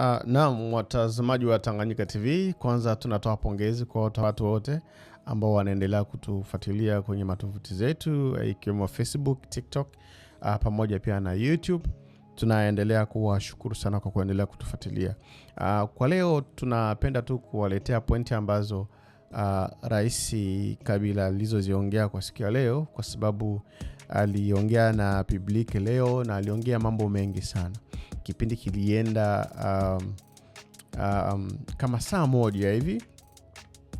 Uh, naam, watazamaji wa Tanganyika TV, kwanza tunatoa pongezi kwa watu wote ambao wanaendelea kutufuatilia kwenye matovuti zetu eh, ikiwemo Facebook, TikTok uh, pamoja pia na YouTube. Tunaendelea kuwashukuru sana kwa kuendelea kutufuatilia. Uh, kwa leo tunapenda tu kuwaletea pointi ambazo uh, Rais Kabila alizoziongea kwa siku ya leo, kwa sababu aliongea na public leo na aliongea mambo mengi sana kipindi kilienda um, um, kama saa moja hivi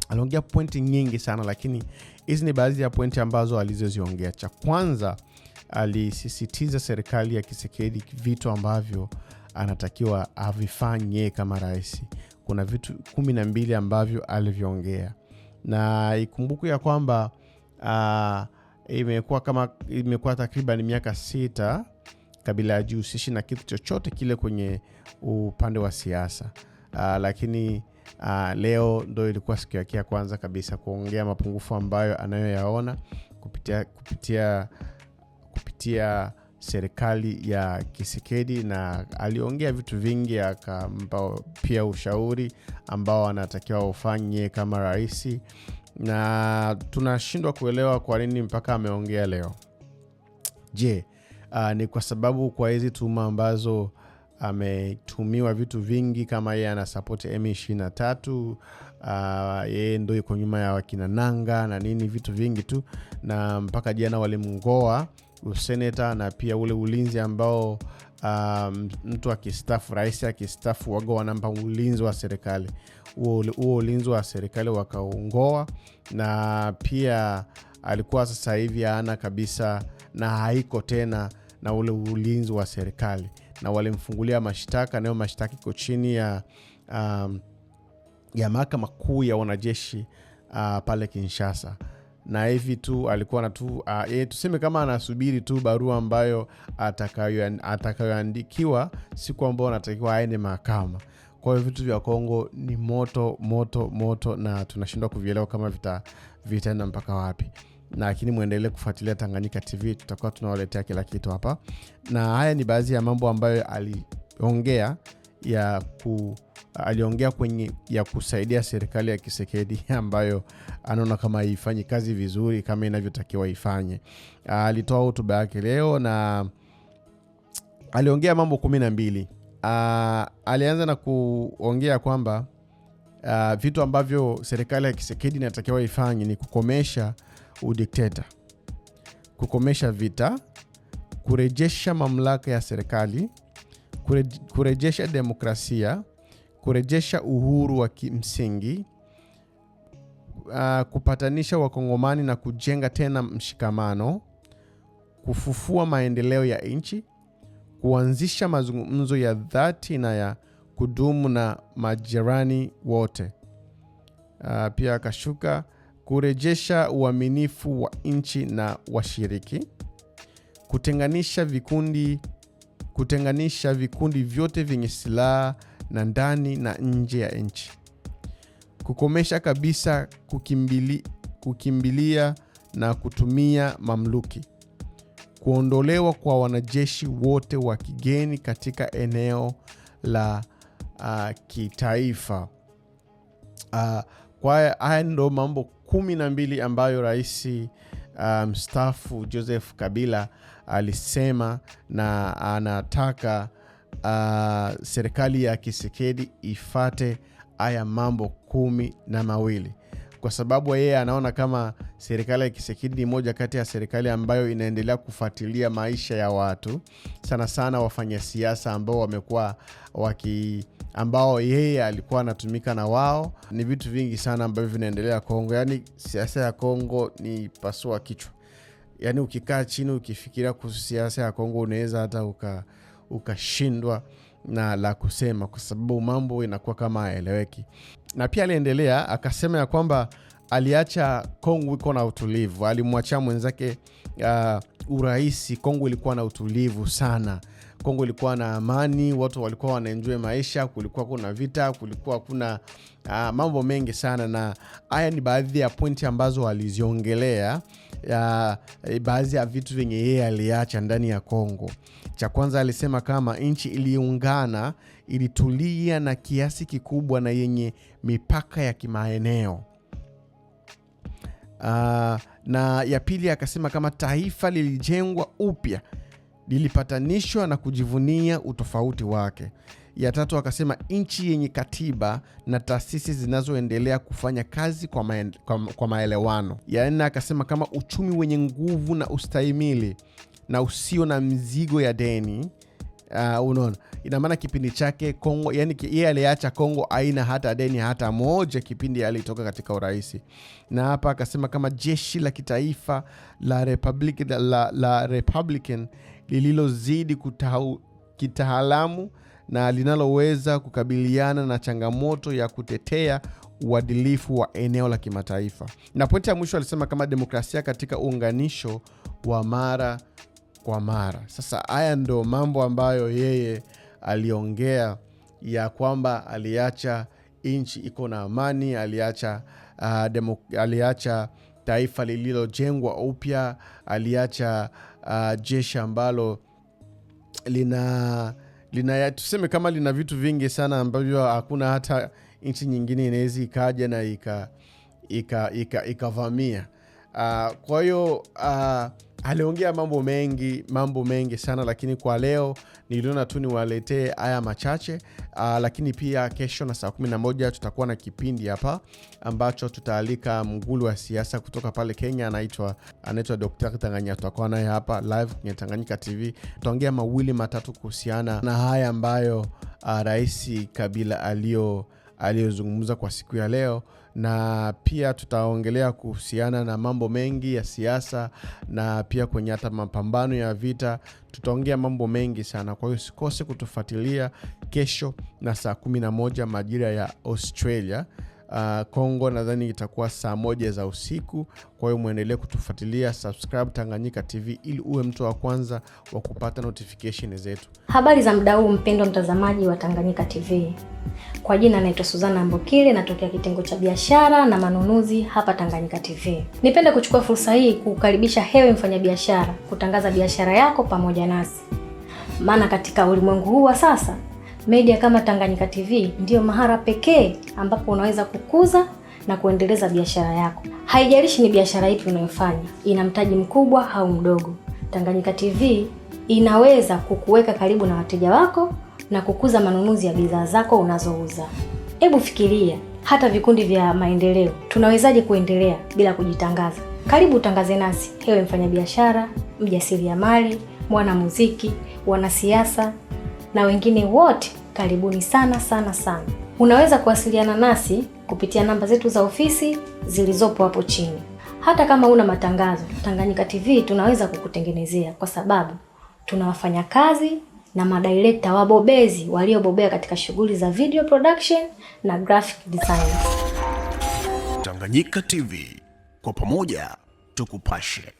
aliongea pointi nyingi sana lakini hizi ni baadhi ya pointi ambazo alizoziongea cha kwanza alisisitiza serikali ya kisekedi vitu ambavyo anatakiwa avifanye kama rais kuna vitu kumi na mbili ambavyo alivyoongea na ikumbuku ya kwamba uh, imekuwa kama imekuwa takriban miaka sita Kabila hajihusishi na kitu chochote kile kwenye upande wa siasa uh, lakini uh, leo ndo ilikuwa siku yake ya kwanza kabisa kuongea mapungufu ambayo anayoyaona kupitia, kupitia, kupitia serikali ya Kisekedi na aliongea vitu vingi, akampa pia ushauri ambao anatakiwa ufanye kama rahisi na tunashindwa kuelewa kwa nini mpaka ameongea leo. Je, uh, ni kwa sababu kwa hizi tuma ambazo ametumiwa vitu vingi kama yeye ana sapoti M23, uh, yeye ndo yuko nyuma ya wakina Nanga na nini vitu vingi tu, na mpaka jana walimngoa useneta na pia ule ulinzi ambao um, mtu akistafu, rais akistafu wago wanampa ulinzi wa serikali. Huo ulinzi wa serikali wakaungoa, na pia alikuwa sasa hivi haana kabisa na haiko tena na ule ulinzi wa serikali, na walimfungulia mashtaka, nayo mashtaka iko chini ya, um, ya mahakama kuu ya wanajeshi uh, pale Kinshasa na hivi tu alikuwa natu, uh, e, tuseme kama anasubiri tu barua ambayo atakayoandikiwa siku ambayo anatakiwa aende mahakama. Kwa hiyo vitu vya Kongo ni moto moto moto, na tunashindwa kuvielewa kama vitaenda vita mpaka wapi lakini mwendelee kufuatilia Tanganyika TV, tutakuwa tunawaletea kila kitu hapa, na haya ni baadhi ya mambo ambayo aliongea ya ku aliongea kwenye ya kusaidia serikali ya Kisekedi ambayo anaona kama haifanyi kazi vizuri kama inavyotakiwa ifanye. Alitoa hotuba yake leo na aliongea mambo kumi na mbili. Alianza na kuongea kwamba vitu ambavyo serikali ya Kisekedi inatakiwa ifanye ni kukomesha udikteta, kukomesha vita, kurejesha mamlaka ya serikali, kurejesha demokrasia, kurejesha uhuru wa kimsingi, uh, kupatanisha wakongomani na kujenga tena mshikamano, kufufua maendeleo ya nchi, kuanzisha mazungumzo ya dhati na ya kudumu na majirani wote. Uh, pia akashuka kurejesha uaminifu wa nchi na washiriki, kutenganisha vikundi, kutenganisha vikundi vyote vyenye silaha na ndani na nje ya nchi, kukomesha kabisa kukimbili, kukimbilia na kutumia mamluki, kuondolewa kwa wanajeshi wote wa kigeni katika eneo la uh, kitaifa. Uh, kwa haya ndo mambo kumi na mbili ambayo rais ah, mstafu um, Joseph Kabila alisema na anataka uh, serikali ya Kisekedi ifate haya mambo kumi na mawili kwa sababu yeye anaona kama serikali ya Kisekedi ni moja kati ya serikali ambayo inaendelea kufuatilia maisha ya watu, sana sana wafanya siasa ambao wamekuwa waki ambao yeye alikuwa anatumika na wao. Ni vitu vingi sana ambavyo vinaendelea Kongo, yani siasa ya Kongo ni pasua kichwa. Yani ukikaa chini ukifikiria kuhusu siasa ya Kongo unaweza hata ukashindwa uka na la kusema, kwa sababu mambo inakuwa kama aeleweki Na pia aliendelea akasema ya kwamba aliacha Kongo iko na utulivu, alimwachia mwenzake uh, ah, urahisi. Kongo ilikuwa na utulivu sana Kongo ilikuwa na amani, watu walikuwa wanaenjoy maisha, kulikuwa kuna vita, kulikuwa kuna uh, mambo mengi sana, na haya ni baadhi ya pointi ambazo aliziongelea uh, baadhi ya vitu vyenye yeye aliacha ndani ya Kongo. Cha kwanza alisema kama nchi iliungana, ilitulia na kiasi kikubwa na yenye mipaka ya kimaeneo. Uh, na ya pili akasema kama taifa lilijengwa upya lilipatanishwa na kujivunia utofauti wake. Ya tatu akasema nchi yenye katiba na taasisi zinazoendelea kufanya kazi kwa, maen, kwa, kwa maelewano. Ya nne akasema kama uchumi wenye nguvu na ustahimili na usio na mzigo ya deni. Uh, unaona ina maana kipindi chake Kongo, yani yeye aliacha Kongo aina hata deni hata moja kipindi alitoka katika urahisi Na hapa akasema kama jeshi la kitaifa la, Republic, la, la Republican lililozidi kitaalamu na linaloweza kukabiliana na changamoto ya kutetea uadilifu wa eneo la kimataifa. Na pointi ya mwisho alisema kama demokrasia katika uunganisho wa mara kwa mara. Sasa haya ndo mambo ambayo yeye aliongea ya kwamba aliacha nchi iko na amani, aliacha uh, aliacha taifa lililojengwa upya. Aliacha uh, jeshi ambalo lina, lina tuseme kama lina vitu vingi sana ambavyo hakuna hata nchi nyingine inaweza ikaja na ikavamia ika, ika, ika uh, kwa hiyo uh, aliongea mambo mengi mambo mengi sana, lakini kwa leo niliona tu niwaletee haya machache. Uh, lakini pia kesho na saa 11 tutakuwa na kipindi hapa ambacho tutaalika mgulu wa siasa kutoka pale Kenya, anaitwa anaitwa dr Tanganyika. Tutakuwa naye hapa live kwenye Tanganyika TV, tutaongea mawili matatu kuhusiana na haya ambayo uh, Rais Kabila aliyozungumza kwa siku ya leo na pia tutaongelea kuhusiana na mambo mengi ya siasa na pia kwenye hata mapambano ya vita, tutaongea mambo mengi sana. Kwa hiyo usikose kutufuatilia kesho na saa 11 majira ya Australia. Ah, Kongo uh, nadhani itakuwa saa moja za usiku. Kwa hiyo mwendelee kutufuatilia, subscribe Tanganyika TV ili uwe mtu wa kwanza wa kupata notification zetu. Habari za mda huu, mpendwa mtazamaji wa Tanganyika TV. Kwa jina naitwa Suzana Mbokile, natokea kitengo cha biashara na manunuzi hapa Tanganyika TV. Nipende kuchukua fursa hii kukaribisha hewe mfanyabiashara kutangaza biashara yako pamoja nasi, maana katika ulimwengu huu wa sasa media kama Tanganyika TV ndiyo mahara pekee ambapo unaweza kukuza na kuendeleza biashara yako. Haijalishi ni biashara ipi unayofanya, ina mtaji mkubwa au mdogo, Tanganyika TV inaweza kukuweka karibu na wateja wako na kukuza manunuzi ya bidhaa zako unazouza. Hebu fikiria, hata vikundi vya maendeleo tunawezaje kuendelea bila kujitangaza? Karibu utangaze nasi, ewe mfanyabiashara, mjasiriamali, mwanamuziki, wanasiasa na wengine wote karibuni sana sana sana. Unaweza kuwasiliana nasi kupitia namba zetu za ofisi zilizopo hapo chini. Hata kama una matangazo, Tanganyika TV tunaweza kukutengenezea, kwa sababu tuna wafanyakazi na madirekta wabobezi waliobobea katika shughuli za video production na graphic design. Tanganyika TV, kwa pamoja tukupashe.